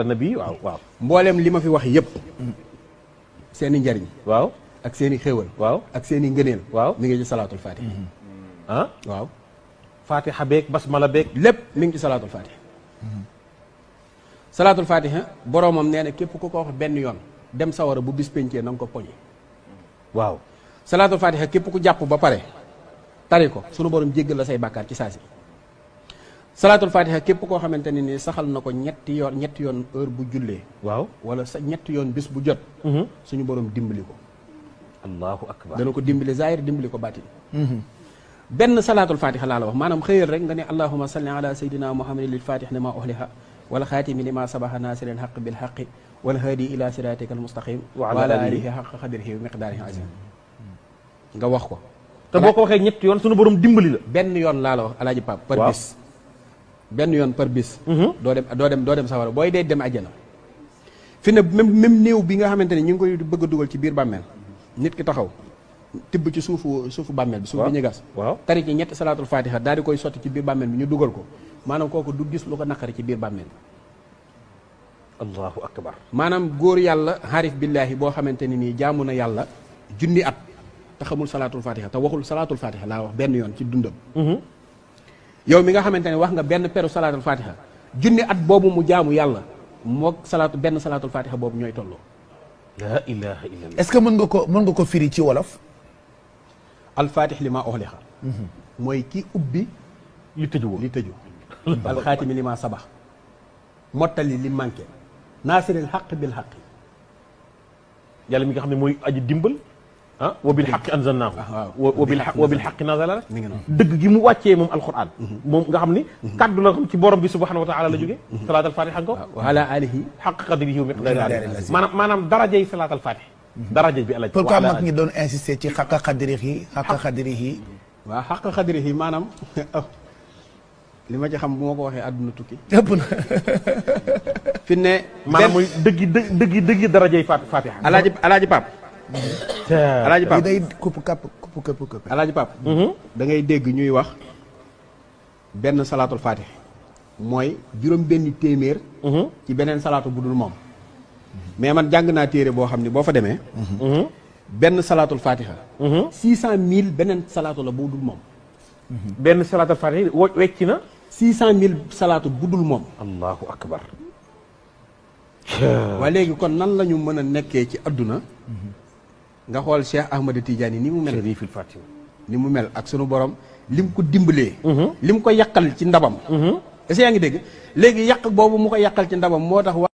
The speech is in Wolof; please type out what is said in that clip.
nabi waaw waaw mboolem li Seni fi wax Aksi seni i njariñ waaw ak seen i xéewal waaw ak seen i waaw mi ngi ci salaatul fatiha ah waaw fatiha beeg basmala beeg lépp mi ngi ci Salatul fatiha salaatul fatiha boroomam nee na ku ko wax benn yoon dem sawara bu bis penke na nga ko poñe waaw salaatul fatiha képp ku jàpp ba pare tari ko borom jéggal la say ci salaatul fatiha képp koo xamante ne nii saxal na ko ñetti yoon ñetti yoon heure bu jullee waaw wala sa ñetti yoon bis bu jot mm-hmm. suñu borom dimbali ko allahu akbar dana ko dimbali zahir dimbali ko baatin mm-hmm. benn salaatul fatiha laa la wax maanaam rek nga ne allahuma salli ala sayyidina muhammadin lil fatih li ma uhliha wal xaatimi li ma sabaha ila siratika al wa ala alihi xaq xadrihi wax ko boo ko waxee ñetti yoon suñu borom dimbali benn yoon laa la wax alaaji pap par bis ben yon par bis. Mhm. do dem do dem do dem sawar boy day dem aljana fi ne même new binga bi nga xamante ne ñu ngi koy bëgg a ci biir bàmmeel nit ki taxaw tibb ci suufu suufu bàmmeel bi. suuf bi gas. tari ci ñetti salaatul faatiha daal di koy sotti ci biir bàmmeel bi ñu dugal ko maanaam kooku du gis lu ko naqari ci biir bàmmeel allahu akbar Manam góor yalla harif billahi bo xamante ne nii jaamu na yàlla junni at te salatul fatiha faatiha te waxul salaatul faatiha laa wax ci dundam. Mhm. yow mi nga xamante ne wax nga benn peru salaatul fatiha junni at boobu mu jaamu yàlla moog salaatu benn salaatu fatiha boobu ñooy tolloo. la ilaha illallah est-ce que mën nga ko mën nga ko firi ci wolof. alfatih li ma uxliqa mhm. mooy ki ubbi. li tëju woo li tëju. alxaatimi li ma sabax. mottali li manqué. naasiril xaq bil xaq. yàlla mi nga xam ne mooy aji dimbal. وبالحق انزلناه آه، آه، وبالحق وبالحق نزل دغ جي مو واتي موم القران موم غا خمني كاد لا خم سي بوروم بي سبحانه وتعالى لا جوغي صلاه الفاتحه كو وعلى اله حق قدره ومقداره مانام مانام درجه صلاه الفاتحه درجه بي الله بوركو ماك ني دون انسيستي سي حق قدره حق قدره وحق قدره مانام لما جا خم موكو واخي ادنا توكي ابنا في ني مانام دغي دغي دغي درجه فاتحه الله جي الله جي باب alaaji pap day kupp kapp kupp këpp da ngay dégg ñuy wax benn salaatul fatih mooy juróom benn téeméer mhm. ci beneen salaatu bu dul moom mais man jàng naa téere boo xam ne boo fa demee mhm. Mhm. benn salaatul fatiha six cent mille beneen salaatu la bu dul moom benn salaatul fatiha wo wecci na six cent mille salaatu bu dul moom allahu akbar waaye léegi kon nan la ñu mën a nekkee ci adduna nga xool Cheikh Ahmed Tidiane ni mu mel. ni mu mel ak sunu borom lim ko dimbalee. Mhm. lim ko yàqal ci ndabam. Mhm. est-ce que ngi dégg léegi yàq boobu mu ko yàqal ci ndabam moo tax.